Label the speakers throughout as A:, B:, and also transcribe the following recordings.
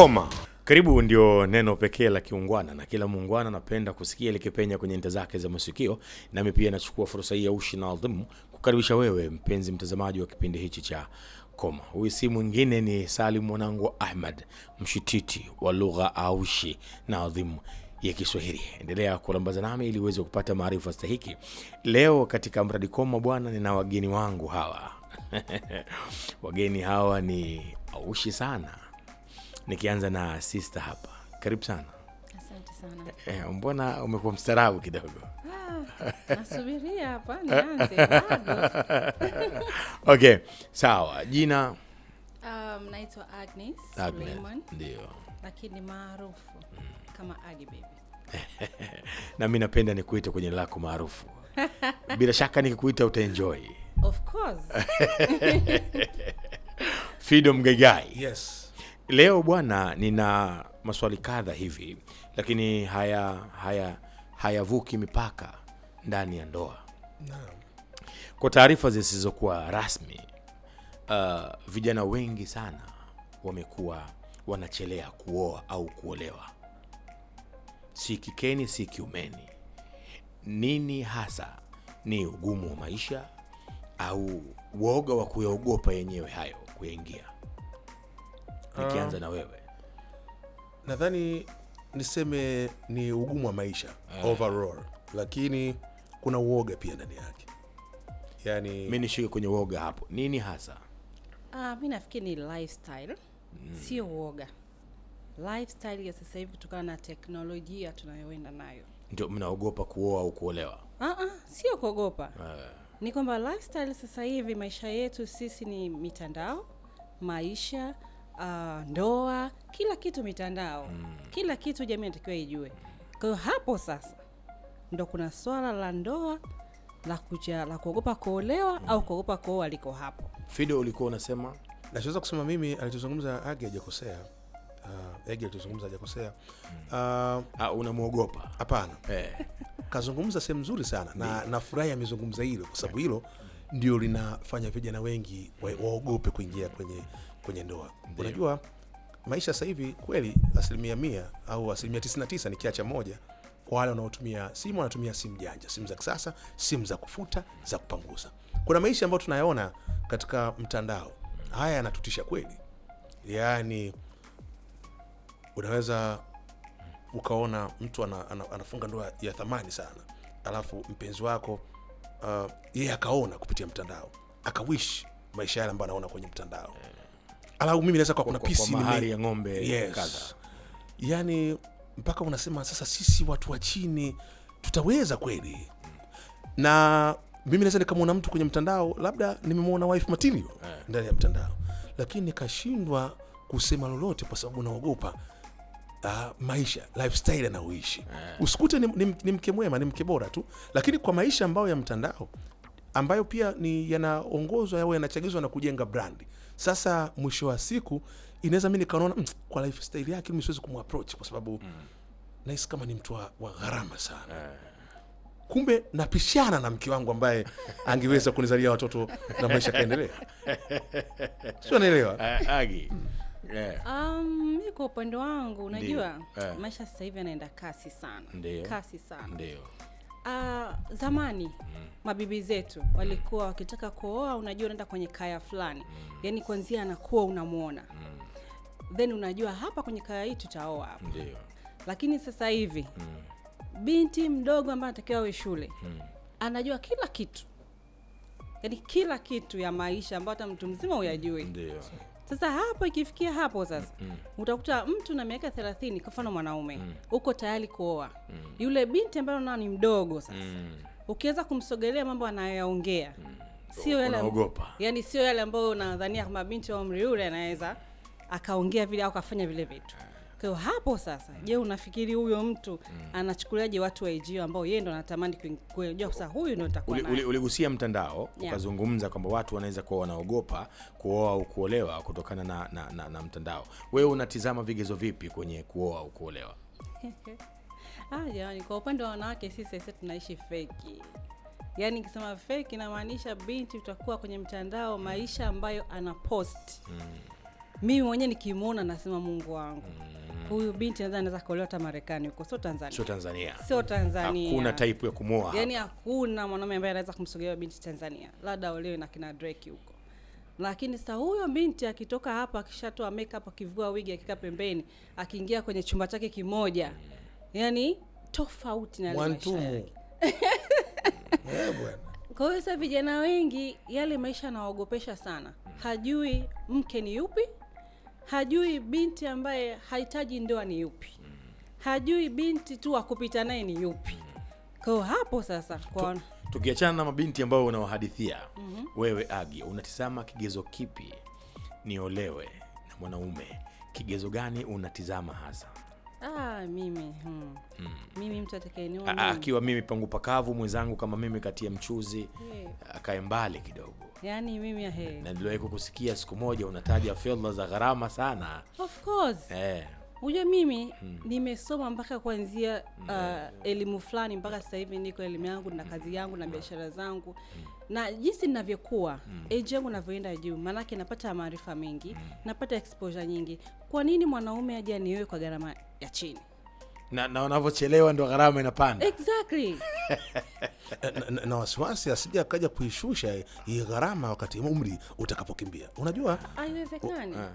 A: koma. Karibu ndio neno pekee la kiungwana na kila muungwana anapenda kusikia likipenya kwenye nta zake za masikio. Nami pia nachukua fursa hii ya ushi na adhimu kukaribisha wewe mpenzi mtazamaji wa kipindi hichi cha Koma. Huyu si mwingine ni Salim mwanangu Ahmad, mshititi wa lugha aushi na adhimu ya Kiswahili. Endelea kulambaza nami ili uweze kupata maarifa stahiki. Leo katika mradi Koma bwana, nina wageni wangu hawa wageni hawa ni aushi sana nikianza na sista hapa. Karibu sana.
B: Asante sana.
A: Eh, eh mbona umekuwa mstarabu kidogo?
B: Ah, nasubiria hapa nianze.
A: Okay, sawa. Jina?
B: Um, naitwa Agnes, Agnes. Raymond. Ndio. Lakini maarufu mm. kama Agi baby.
A: na mimi napenda nikuite kwenye lako maarufu. Bila shaka nikikuita utaenjoy.
B: Of course.
A: freedom gegai Yes. Leo bwana, nina maswali kadha hivi, lakini haya haya hayavuki mipaka ndani ya ndoa. Kwa taarifa zisizokuwa rasmi, uh, vijana wengi sana wamekuwa wanachelea kuoa au kuolewa, si kikeni si kiumeni. Nini hasa ni ugumu wa maisha au woga wa kuyaogopa yenyewe hayo kuyaingia? nikianza ah. na wewe?
C: Nadhani niseme ni ugumu wa maisha eh. overall, lakini kuna uoga pia ndani yake.
A: Yani mi nishike kwenye uoga hapo, nini hasa?
B: Uh, mi nafikiri ni lifestyle mm. Sio uoga, lifestyle ya sasa hivi kutokana na teknolojia tunayoenda nayo
A: ndio mnaogopa kuoa au kuolewa?
B: uh -uh, sio kuogopa uh. Ni kwamba lifestyle sasa hivi maisha yetu sisi ni mitandao, maisha uh, ndoa, kila kitu mitandao, mm. kila kitu jamii inatakiwa ijue. Kwa hiyo hapo sasa ndo kuna swala la ndoa la kuja la kuogopa kuolewa mm. au kuogopa kuoa liko hapo.
A: Fido, ulikuwa unasema
C: nachoweza kusema mimi, alichozungumza agi ajakosea Uh, ah, egi alichozungumza ajakosea Uh,
A: hmm. ah, unamwogopa?
C: Hapana, hey. Eh. Kazungumza sehemu nzuri sana na nafurahi amezungumza hilo, kwa sababu eh. hilo ndio linafanya vijana wengi waogope kuingia kwenye kwenye ndoa. Unajua maisha sasa hivi kweli, asilimia mia au asilimia 99 kiacha moja, kwa wale wanaotumia simu wanatumia simu janja, simu za kisasa, simu za kufuta, za kupanguza Kuna maisha ambayo tunayaona katika mtandao, haya yanatutisha kweli. Yaani unaweza ukaona mtu ana, ana, anafunga ndoa ya thamani sana, alafu mpenzi wako uh, yeye akaona kupitia mtandao, akawish maisha yale ambayo anaona kwenye mtandao alau mimi naweza kwa kuna PC pisi
A: mahali ya ng'ombe
C: yes. kadha. Yani mpaka unasema sasa sisi watu wa chini tutaweza kweli? Na mimi naweza nikamwona mtu kwenye mtandao, labda nimemwona wife material yeah. ndani ya mtandao, lakini nikashindwa kusema lolote kwa sababu naogopa Uh, maisha lifestyle anaoishi yeah. Usikute ni, ni, ni mke mwema, ni mke bora tu, lakini kwa maisha ambayo ya mtandao ambayo pia ni yanaongozwa au yanachagizwa na kujenga brandi sasa mwisho wa siku inaweza mimi nikaona hmm, kwa lifestyle yake mimi siwezi kumapproach kwa sababu mm. nahisi kama ni mtu wa, wa gharama sana yeah. Kumbe napishana na mke wangu ambaye angeweza kunizalia watoto na maisha kaendelea,
A: sio naelewa eh, agi
B: yeah. Hmm. Um, mimi kwa upande wangu unajua yeah. maisha sasa hivi yanaenda kasi sana Ndiyo. kasi sana Ndiyo Uh, zamani mm. mabibi zetu walikuwa wakitaka kuoa, unajua unaenda kwenye kaya fulani mm. yani kwanzia anakuwa unamwona mm. then unajua hapa kwenye kaya hii tutaoa hapa, lakini sasa hivi mm. binti mdogo ambaye anatakiwa awe shule mm. anajua kila kitu, yani kila kitu ya maisha ambayo hata mtu mzima huyajui. Sasa hapo ikifikia hapo sasa mm hmm utakuta mtu na miaka 30 kwa mfano mwanaume mm hmm uko tayari kuoa mm hmm yule binti ambaye unaona ni mdogo sasa mm hmm ukiweza kumsogelea mambo anayoyaongea mm hmm
A: sio yale
B: Yani sio yale ambayo unadhania kama binti wa umri ule anaweza akaongea vile au akafanya vile vitu eh. Kwa hapo sasa, je, unafikiri huyo mtu mm. anachukuliaje watu wa IG ambao yeye ndo anatamani kuingia? Sasa huyu atakuwa
A: naye. Uligusia mtandao yeah. ukazungumza kwamba watu wanaweza kuwa wanaogopa kuoa au kuolewa kutokana na, na, na, na mtandao. Wewe unatizama vigezo vipi kwenye kuoa au kuolewa?
B: Ah, jamani, kwa upande wa wanawake sisi sasa tunaishi feki. Yaani kisema feki inamaanisha binti utakuwa kwenye mtandao maisha ambayo post mm mimi mwenyewe nikimuona nasema Mungu wangu huyu binti nadhani anaweza kuolewa hata Marekani huko, sio Tanzania, sio Tanzania, sio Tanzania. Hakuna
A: type ya kumoa,
B: yani hakuna mwanaume ambaye anaweza kumsogelea binti Tanzania, labda aolewe na kina Drake huko. Lakini sasa huyo binti akitoka hapa, akishatoa makeup, akivua wigi, akikaa pembeni, akiingia kwenye chumba chake kimoja, yani tofauti na mwantumu. Eh, Kwa hiyo sasa vijana wengi yale maisha yanawaogopesha sana, hajui mke ni yupi hajui binti ambaye hahitaji ndoa ni yupi, hajui binti tu akupita naye ni yupi. Kwa hapo sasa kwa...
A: tukiachana na mabinti ambao unawahadithia mm -hmm. Wewe Agi, unatizama kigezo kipi niolewe na mwanaume? Kigezo gani unatizama hasa?
B: Ah, mimi hmm. Mm. Mimi mtu atakayeniona
A: akiwa mimi pangu pakavu, mwenzangu kama mimi kati ya mchuzi yeah. Akae mbali kidogo
B: yani mimi ya eh.
A: Na niliwahi kukusikia siku moja unataja fedha za gharama sana
B: of course eh. Hujue mimi hmm. nimesoma mpaka kuanzia hmm. uh, elimu fulani mpaka sasa hivi niko elimu yangu na hmm. kazi yangu na biashara zangu na jinsi ninavyokuwa hmm. age yangu navyoenda juu, maanake napata maarifa mengi hmm. napata exposure nyingi. Kwa nini mwanaume aje anioe kwa gharama ya chini?
A: na na wanavyochelewa ndo gharama inapanda.
B: Exactly.
C: na, na, na wasiwasi asije akaja kuishusha hii gharama wakati umri utakapokimbia, unajua
B: haiwezekani. Oh, eh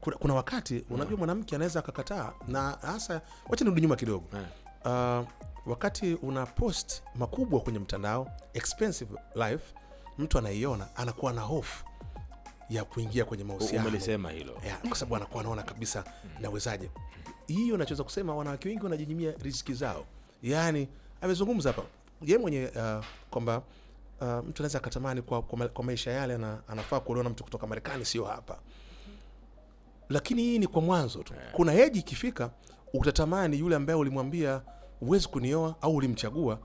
C: kuna, kuna wakati unajua mm. mwanamke anaweza akakataa, na hasa wacha nirudi nyuma kidogo yeah. uh, wakati una post makubwa kwenye mtandao expensive life, mtu anaiona anakuwa na hofu ya kuingia kwenye mahusiano. kwa sababu anakuwa anaona kabisa mm. nawezaje. Hiyo nachoweza kusema, wanawake wengi wanajinyimia riski zao. Yaani amezungumza hapa ye mwenye uh, kwamba uh, mtu anaweza akatamani kwa, kwa maisha yale na, anafaa kuliona mtu kutoka Marekani, sio hapa lakini hii ni kwa mwanzo tu. Eh. Kuna heji ikifika, utatamani yule ambaye ulimwambia huwezi kunioa au ulimchagua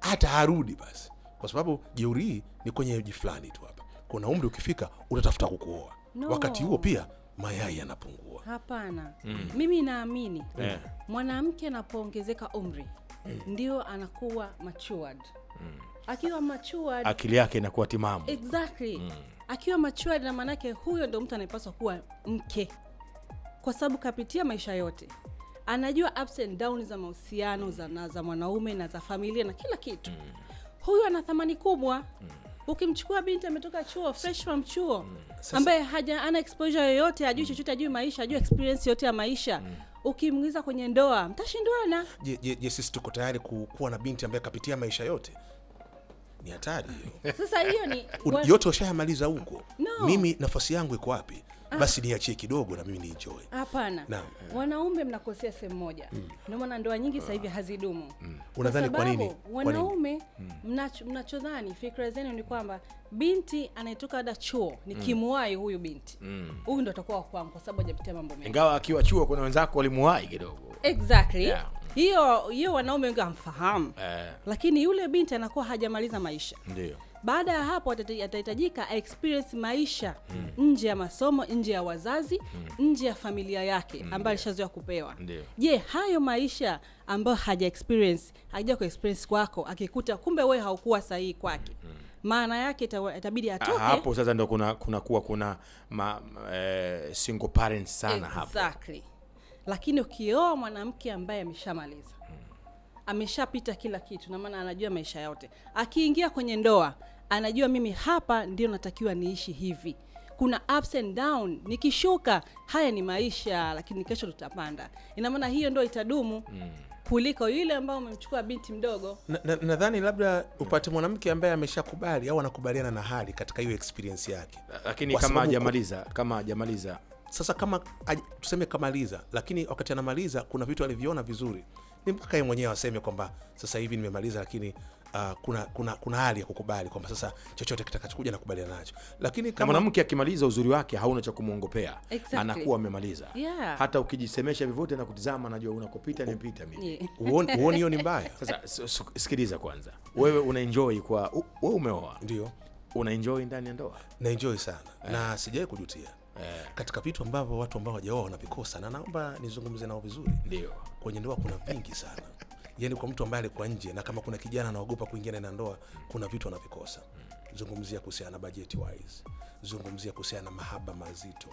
C: hata arudi basi, kwa sababu jeuri hii ni kwenye heji fulani tu. Hapa kuna umri ukifika, utatafuta kukuoa no. Wakati huo pia mayai yanapungua.
B: Hapana, mm. Mimi naamini yeah. Mwanamke anapoongezeka umri mm. ndio anakuwa matured mm. Akiwa matured
A: akili yake inakuwa timamu
B: exactly mm akiwa mature na maanake, huyo ndo mtu anayepaswa kuwa mke, kwa sababu kapitia maisha yote, anajua ups and down za mahusiano za, za mwanaume na za familia na kila kitu. Mm. Huyu ana thamani kubwa. Mm. Ukimchukua binti ametoka chuo fresh from chuo mm. ambaye haja ana exposure yoyote, ajui chochote, ajui maisha, ajui experience yote ya maisha ukimgiza kwenye ndoa mtashindwana.
C: Je, je, je, sisi tuko tayari kuwa na binti ambaye akapitia maisha yote ni hatari
B: hiyo. Sasa hiyo ni
C: yote ushayamaliza huko no. Mimi nafasi yangu iko wapi? Ah. Basi niachie kidogo na mimi nienjoy.
B: Hapana, wanaume mnakosea sehemu moja mm. Ndio maana ndoa nyingi sasa hivi ah. hazidumu mm. Unadhani kwa nini? Wanaume mm. mnachodhani, fikra zenu ni kwamba binti anayetoka ada chuo ni mm. kimuwai huyu binti mm. huyu mm. ndo atakuwa wa kwangu kwa sababu hajapitia mambo mengi,
A: ingawa akiwa chuo kuna wenzako walimuwai kidogo
B: exactly yeah hiyo hiyo wanaume wengi hamfahamu eh. Lakini yule binti anakuwa hajamaliza maisha, ndio baada ya hapo atahitajika experience maisha mm. nje ya masomo, nje ya wazazi mm. nje ya familia yake mm. ambayo alishazoea kupewa. Je, hayo maisha ambayo haja experience haja ku experience kwako, akikuta kumbe wewe haukuwa sahihi kwake mm. maana yake itabidi ah, atoke
A: hapo. Sasa ndio kuna kuna kuwa kuna ma, ma, eh, single parents sana
B: exactly. hapo lakini ukioa mwanamke ambaye ameshamaliza ameshapita kila kitu, na maana anajua maisha yote, akiingia kwenye ndoa anajua mimi hapa ndio natakiwa niishi hivi kuna ups and down, nikishuka haya ni maisha, lakini kesho tutapanda. Ina maana hiyo ndo itadumu mm. kuliko yule ambao umemchukua binti mdogo.
C: Nadhani na, na labda upate mwanamke ambaye ameshakubali au anakubaliana na hali katika hiyo experience yake,
A: lakini kama hajamaliza kama hajamaliza
C: sasa kama tuseme kamaliza, lakini wakati anamaliza kuna vitu alivyoona vizuri, ni mpaka yeye mwenyewe aseme kwamba sasa hivi nimemaliza, lakini uh, kuna, kuna, kuna hali ya kukubali kwamba sasa chochote kitakachokuja nakubaliana nacho.
A: Lakini kama mwanamke akimaliza uzuri wake hauna cha kumwongopea exactly. Anakuwa amemaliza yeah. Hata ukijisemesha vyovyote na kutizama, najua unakopita nimepita mimi, uone hiyo ni mbaya. Sasa sikiliza kwanza, wewe unaenjoy kwa wewe umeoa, ndio unaenjoy ndani ya ndoa?
C: Naenjoy sana yeah. Na sijawai kujutia Eh. katika vitu ambavyo watu ambao hawajaoa wanavikosa, na naomba nizungumze nao vizuri. Ndio, kwenye ndoa kuna vingi sana yani kwa mtu ambaye alikuwa nje na kama kuna kijana anaogopa kuingia na ndoa, kuna vitu anavikosa. Hmm. Zungumzia kuhusiana na budget wise, zungumzia kuhusiana na mahaba mazito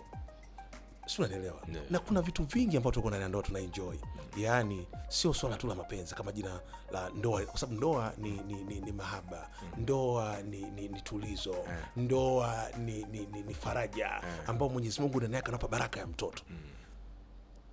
C: si unaelewa yeah. Na kuna vitu vingi ambavyo tuko ndani ya ndoa tuna enjoy mm. Yaani sio swala tu la mapenzi kama jina la ndoa, kwa sababu ndoa ni, ni, ni, ni mahaba mm. Ndoa ni, ni, ni tulizo mm. Ndoa ni, ni, ni, ni faraja mm. Ambao Mwenyezi Mungu ndani yake anapa baraka ya mtoto mm.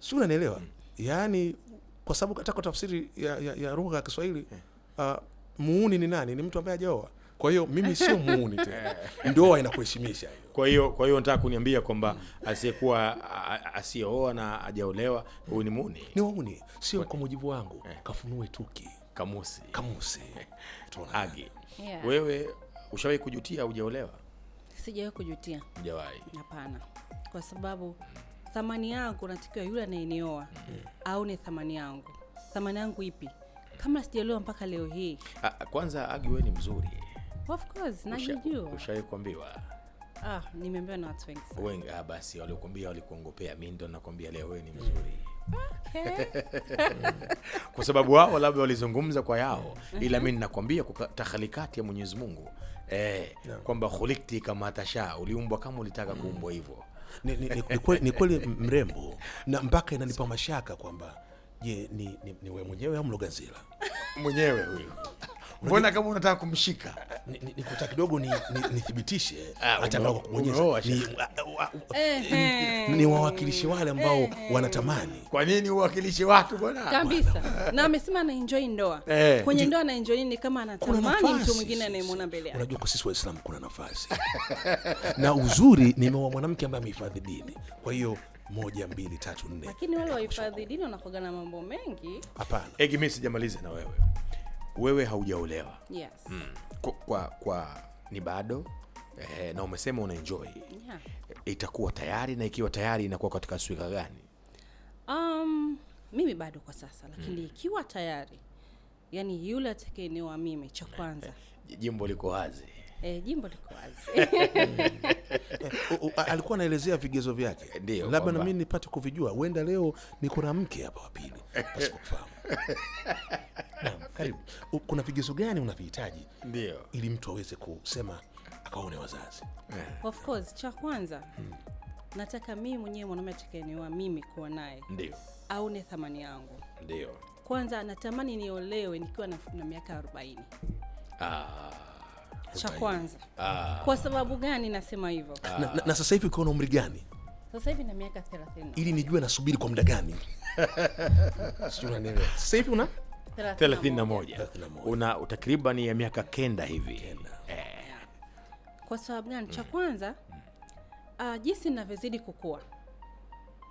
C: Si unanielewa mm. Yaani kwa sababu hata kwa tafsiri ya, ya, ya lugha ya Kiswahili mm. uh, muuni ni nani? Ni mtu ambaye hajaoa kwa hiyo mimi sio muuni eh. ndoa inakuheshimisha hiyo.
A: Kwa hiyo kwa hiyo nataka kuniambia kwamba asiyekuwa asiyeoa na ajaolewa huyu ni muuni,
C: ni muuni, sio kwa mujibu wangu. Eh. Kafunue tuki kamusi kamusi
A: agi yeah. Wewe ushawahi kujutia ujaolewa
B: Sijawahi kujutia, hujawahi? Hapana, kwa sababu thamani yangu natakiwa yule anayenioa mm -hmm. au ni thamani yangu, thamani yangu ipi kama sijaolewa mpaka leo hii?
A: A, kwanza Agi, wewe ni mzuri
B: Of course, najijua.
A: Ushawahi kuambiwa?
B: Ah, nimeambiwa na watu wengi
A: sana. Wengi ah, basi waliokuambia walikuongopea, mimi ndo nakwambia leo wewe ni mzuri. Okay. kwa sababu wao labda walizungumza kwa yao, ila mimi ninakwambia kwa takhalikati ya Mwenyezi Mungu eh, no. kwamba khuliqti kama tasha, uliumbwa kama ulitaka kuumbwa hivyo. Mm.
C: Ni, ni, ni, ni kweli mrembo na mpaka inanipa mashaka kwamba je, ni, ni, ni wewe mwenyewe au mlogazila
A: mwenyewe huyo Mbona kama unataka kumshika?
C: Nikuta kidogo nithibitishe ah, hata kwa kubonyeza. Ah, ah, ni wawakilishi wale ambao wanatamani.
A: Kwa nini uwakilishi watu bwana?
B: Kabisa. Na amesema ana enjoy ndoa. Eh. Kwenye ndoa ana enjoy ni kama anatamani mtu mwingine anayemwona mbele yake.
C: Unajua kwa sisi Waislamu kuna nafasi. Na uzuri nimeoa mwanamke ambaye amehifadhi dini. Kwa hiyo moja mbili tatu nne.
B: Lakini wale wahifadhi dini wanakuwa na mambo mengi.
A: Hapana. Egi, mimi sijamaliza na wewe wewe haujaolewa
B: yes. mm.
A: kwa, kwa, kwa ni bado eh, na umesema una enjoy yeah. itakuwa tayari na ikiwa tayari inakuwa katika swika gani?
B: Um, mimi bado kwa sasa lakini mm. ikiwa tayari yani yule atakayenewa mimi cha kwanza
A: jimbo liko wazi
B: eh, jimbo liko wazi
C: alikuwa anaelezea vigezo vyake, ndio labda nami nipate kuvijua. Huenda leo niko na mke hapa wa pili Karibu. Kuna vigezo gani unavihitaji ndio ili mtu aweze kusema akaone wazazi?
B: Yeah. Of course, cha kwanza hmm. nataka mimi mwenyewe mwanaume atakayeniwa mimi kuwa naye ndio aone thamani yangu. Ndio kwanza natamani niolewe nikiwa na, na miaka 40. Ah cha kwanza ah. Kwa sababu gani nasema hivyo?
C: ah. Na, na, na sasa hivi uko na umri gani?
B: Sasa hivi na miaka 30.
C: Ili nijue nasubiri kwa muda gani?
A: Sijui Sasa hivi una 31 una takriban ya miaka kenda hivi eh.
B: Kwa sababu gani? Cha kwanza uh, jinsi ninavyozidi kukua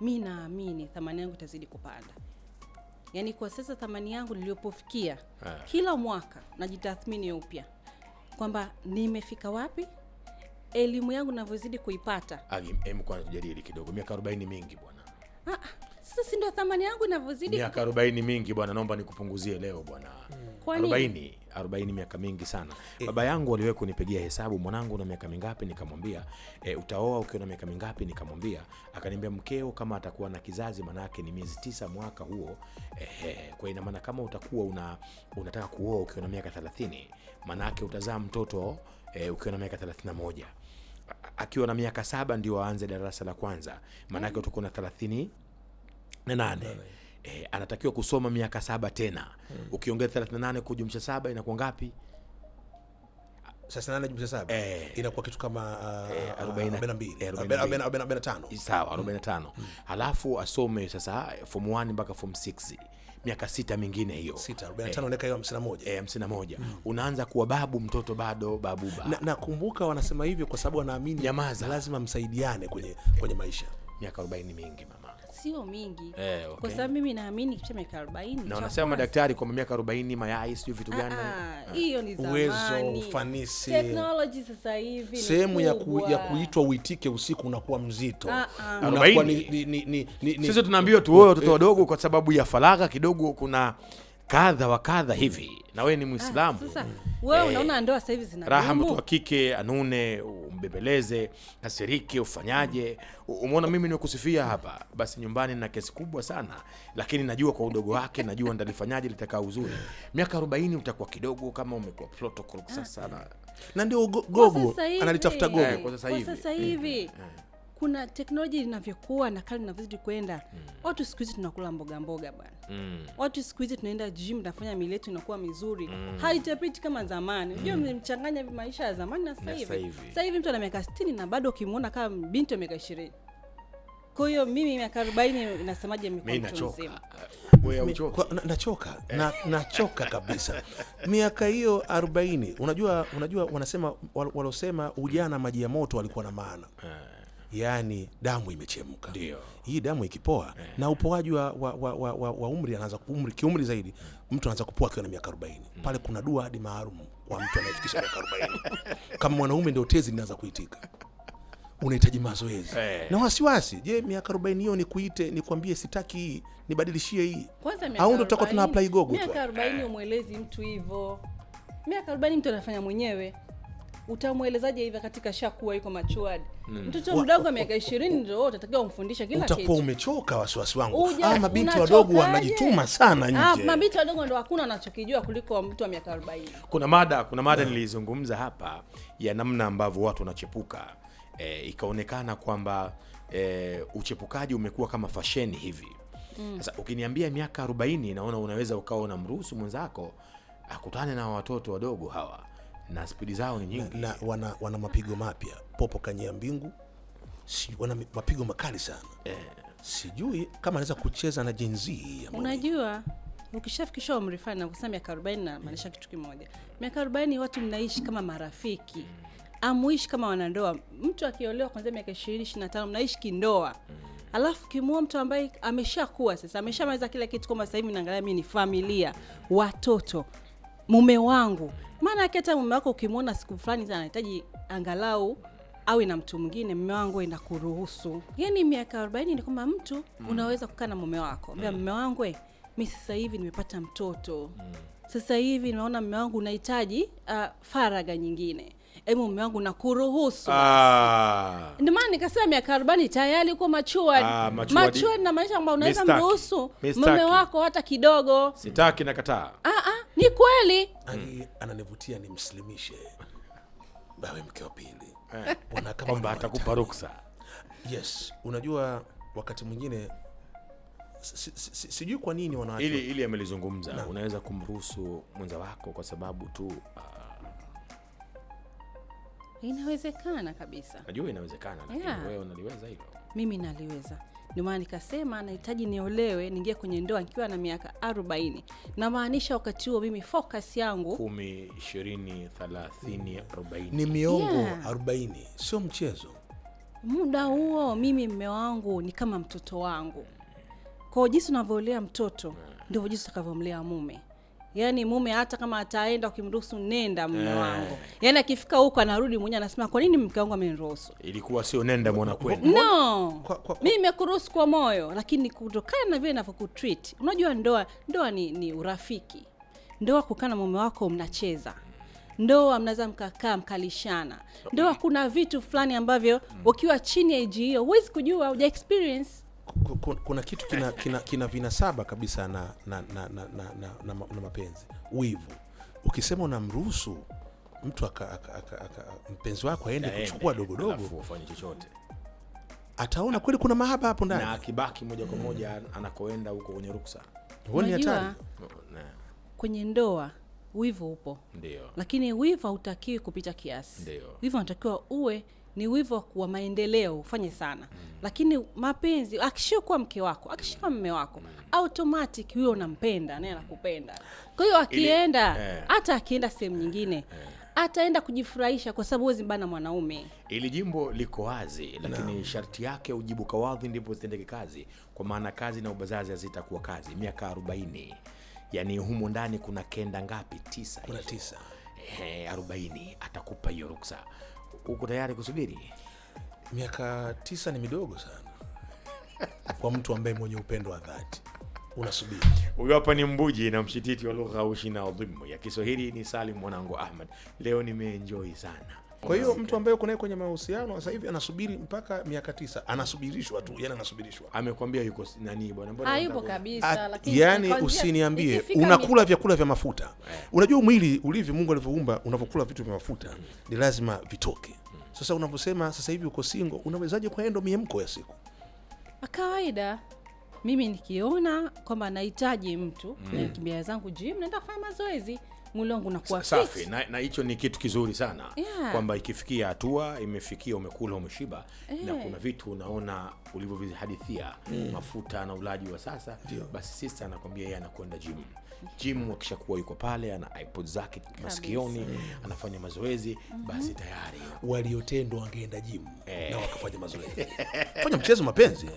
B: mi naamini thamani yangu itazidi kupanda. Yaani kwa sasa thamani yangu niliyopofikia, ah. kila mwaka najitathmini upya kwamba nimefika wapi, elimu yangu navyozidi kuipata.
A: Tujadili kidogo, miaka 40 mingi bwana.
B: Ah, sasa si ndio thamani yangu inavyozidi.
A: Miaka 40 mingi bwana, naomba nikupunguzie leo bwana. Kwani 40 40 miaka mingi sana. e. Baba yangu aliwahi kunipigia hesabu, mwanangu una miaka mingapi? Nikamwambia e, utaoa ukiwa na miaka mingapi? Nikamwambia, akaniambia mkeo kama atakuwa na kizazi, maana ni miezi tisa mwaka huo. e, kwa ina maana kama utakuwa una unataka kuoa ukiwa na miaka 30, maana utazaa mtoto e, ukiwa na miaka 31 akiwa na miaka saba ndio aanze darasa la kwanza, maanake mm. utakuwa na thelathini na nane e, anatakiwa kusoma miaka saba tena hmm. Ukiongeza 38 kujumsha saba inakuwa ngapi?
C: Sasa nane saba eh, inakuwa kitu kama uh, 42 eh, 45 uh, eh,
A: sawa, 45. Hmm. Hmm. Halafu asome sasa form 1 mpaka form 6 miaka sita mingine hiyo
C: sita, 45 ndeka hiyo 51
A: eh, 51 hmm. unaanza kuwa babu mtoto bado babuba.
C: Na nakumbuka wanasema hivyo kwa sababu wanaamini
A: lazima msaidiane kwenye kwenye maisha. Miaka 40 mingi mama
B: sio mingi eh, okay. Kwa sababu mimi naamini kisha miaka arobaini na
A: unasema madaktari kwamba miaka arobaini mayai sio vitu gani, ah,
B: ah, hiyo ni zamani. Uwezo,
A: ufanisi,
B: teknoloji sasa hivi
A: sehemu ya, ku, ya kuitwa uitike usiku unakuwa mzito ah, unakuwa ni, ni, ni, ni, ni, sisi tunaambiwa tuoe watoto wadogo kwa sababu ya faragha kidogo kuna kadha wa kadha hivi, na wewe ni Muislamu. Ah,
B: wewe unaona ndoa sasa hivi zina
A: raha, mtu wa kike anune, umbebeleze, kasirike, ufanyaje? Umeona, mimi niwekusifia hapa, basi nyumbani na kesi kubwa sana, lakini najua kwa udogo wake, najua ndalifanyaje litakaa uzuri. Miaka 40 utakuwa kidogo kama umekuwa protocol ah. sasa na ndio gogo analitafuta gogo kwa
B: sasa hivi kuna teknoloji inavyokuwa na kali inavyozidi kwenda mm. watu siku hizi tunakula mboga mboga bwana mm. watu siku hizi tunaenda jim tunafanya mili yetu inakuwa mizuri mm. haitapiti kama zamani unajua mm. mchanganya maisha ya zamani na sasa hivi sasa hivi mtu ana miaka sitini na bado ukimwona kama binti wa miaka ishirini kwa hiyo mimi miaka arobaini nasemaje
A: mtu mzima
C: nachoka eh. na, kabisa miaka hiyo arobaini unajua unajua wanasema walosema ujana maji ya moto walikuwa na maana eh yaani damu imechemka. Ndio. Hii damu ikipoa eh, na upoaji wa, wa, wa, wa, wa wa umri anaanza umri kiumri zaidi mm. mtu anaanza kupoa akiwa na miaka 40 mm. Pale kuna dua hadi maalum kwa mtu anayefikisha miaka 40 kama mwanaume ndio tezi linaanza kuitika unahitaji mazoezi hey. Eh. na wasiwasi. Je, miaka 40 hiyo ni nikuite nikwambie sitaki hii nibadilishie hii
B: au ndo tutakuwa tuna apply gogo tu? Miaka 40 eh. umwelezi mtu hivyo, miaka 40 mtu anafanya mwenyewe utamwelezaje hivyo katika shakuwa iko machuadi mm. Mtoto mdogo wa miaka 20 ndio utatakiwa umfundishe kila
A: kitu. Utakuwa wasiwasi wangu. Ah, mabinti wadogo wanajituma sana ah,
B: nje. Ah, mabinti wadogo ndio hakuna wanachokijua kuliko mtu wa miaka 40.
A: Kuna mada, kuna mada yeah. Mm. Nilizungumza hapa ya namna ambavyo watu wanachepuka e, ikaonekana kwamba e, uchepukaji umekuwa kama fasheni hivi mm. sasa mm. Ukiniambia miaka 40 naona unaweza ukawa unamruhusu mwenzako akutane na watoto wadogo hawa na spidi zao ni nyingi na,
C: na wana, wana mapigo mapya popo kanyea mbingu si, wana mapigo makali sana eh. Sijui kama anaweza kucheza na Gen Z.
B: Unajua, ukishafikisha umri fulani na kusema miaka 40 na maanisha kitu kimoja, miaka 40 watu mnaishi kama marafiki, amuishi kama wanandoa. Mtu akiolewa kwanzia miaka 20 25 mnaishi kindoa alafu kimua mtu ambaye ameshakuwa sasa ameshamaliza kila kitu, kwamba sasa hivi naangalia mimi ni familia, watoto, mume wangu. Maana yake hata mume wako ukimwona siku fulani anahitaji angalau awe na mtu mwingine, mume wangu inakuruhusu. Yani miaka 40 ni kwamba mtu mm. unaweza kukaa na mume wako mm. mume wangu eh, mi sasa hivi nimepata mtoto mm. sasa hivi naona mume wangu unahitaji uh, faraga nyingine emu mume wangu nakuruhusu. ah. Ndio maana nikasema miaka 40 tayari uko machua ah, machua na maisha kwamba unaweza mruhusu mume wako hata kidogo.
A: Sitaki, nakataa.
B: ah, ah ni kweli
C: mm. ananivutia nimslimishe bawe mke wa pili
A: bwana, eh. kwamba atakupa ruksa.
C: Yes, unajua wakati mwingine si, si, sijui kwa nini wanawake
A: ili ili amelizungumza, unaweza kumruhusu mwenza wako kwa sababu tu uh,
B: inawezekana kabisa,
A: najua inawezekana, lakini Yeah. wewe unaliweza hilo.
B: mimi naliweza ndio maana nikasema nahitaji niolewe, niingie kwenye ndoa nikiwa na miaka arobaini. Namaanisha wakati huo mimi focus yangu
A: 20
C: ni miongo yeah, sio mchezo.
B: Muda huo mimi mme wangu ni kama mtoto wangu, kwa jinsi unavyolea mtoto ndivyo jinsi utakavyomlea mume. Yaani mume hata kama ataenda ukimruhusu, nenda mume eh. wangu. Yaani akifika huko anarudi mwenyewe anasema kwa nini mke wangu ameniruhusu?
A: Ilikuwa sio nenda mwana kwenu.
B: No. Mimi nimekuruhusu kwa moyo, lakini kutokana na vile ninavyokutreat. Unajua ndoa, ndoa ni, ni urafiki. Ndoa kukaa na mume wako mnacheza. Ndoa mnaweza mkakaa mkalishana. Ndoa kuna vitu fulani ambavyo mm. ukiwa chini ya hiyo huwezi kujua, huja experience
C: kuna kitu kina, kina, kina vinasaba kabisa na, na, na, na, na, na, na mapenzi. Wivu, ukisema unamruhusu mtu aka, aka, aka, aka, mpenzi wako aende kuchukua dogodogo chochote ataona kweli kuna mahaba hapo ndani, na
A: akibaki moja kwa moja hmm. anakoenda huko kwenye ruksa.
B: Huoni hatari kwenye ndoa? Wivu upo, Ndiyo. lakini wivu hautakiwi kupita kiasi. wivu unatakiwa uwe ni wivu wa maendeleo, ufanye sana. Mm. Lakini mapenzi, akishakuwa mke wako, akishika mme mm. wako, mm. automatic huyo unampenda, naye anakupenda. Kwa hiyo akienda, eh. hata akienda sehemu eh, nyingine eh, ataenda kujifurahisha kwa sababu huwezi bana mwanaume.
A: Ili jimbo liko wazi, lakini no. sharti yake ujibu kawadhi ndipo zitendeke kazi, kwa maana kazi na ubazazi hazitakuwa kazi. Miaka 40 yani humo ndani kuna kenda ngapi? Tisa, kuna atakupa hiyo ruksa uko tayari kusubiri?
C: Miaka tisa ni midogo sana kwa mtu ambaye mwenye upendo wa dhati unasubiri.
A: huyu hapa ni mbuji na mshititi wa lugha ushi na udhimu ya Kiswahili. Ni Salim mwanangu ahmad leo nimeenjoi sana.
C: Kwa hiyo mtu ambaye uko naye kwenye mahusiano sasa hivi anasubiri mpaka miaka tisa, anasubirishwa tu, yani anasubirishwa. Amekwambia yuko nani bwana,
B: mbona hayupo kabisa,
C: lakini yani usiniambie unakula vyakula vya mafuta yeah. Unajua mwili ulivyo Mungu alivyoumba, unavyokula vitu vya mafuta mm. ni lazima vitoke mm. Sasa unavyosema sasa hivi uko single, unawezaje kwaendo miemko ya siku
B: kawaida mimi nikiona kwamba nahitaji mtu mm. nakimbia zangu gym, naenda kufanya mazoezi mwili wangu unakuwa safi,
A: na hicho ni kitu kizuri sana yeah. Kwamba ikifikia hatua imefikia, umekula umeshiba hey. Na eh. kuna vitu unaona ulivyovihadithia mm. Mafuta na ulaji wa sasa Dio. Basi sister anakwambia yeye anakwenda gym gym, akishakuwa yuko pale ana iPod zake masikioni mm. Anafanya mazoezi mm -hmm. Basi tayari
C: waliotendwa wangeenda gym hey. Eh. Na wakafanya mazoezi fanya mchezo mapenzi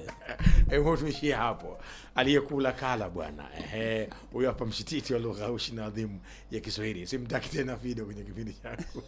A: Hebu eh, tuishie hapo. Aliyekula kala bwana. Ehe, huyo hapa mshititi wa lugha ushi na adhimu ya Kiswahili. Simtaki tena video kwenye kipindi changu.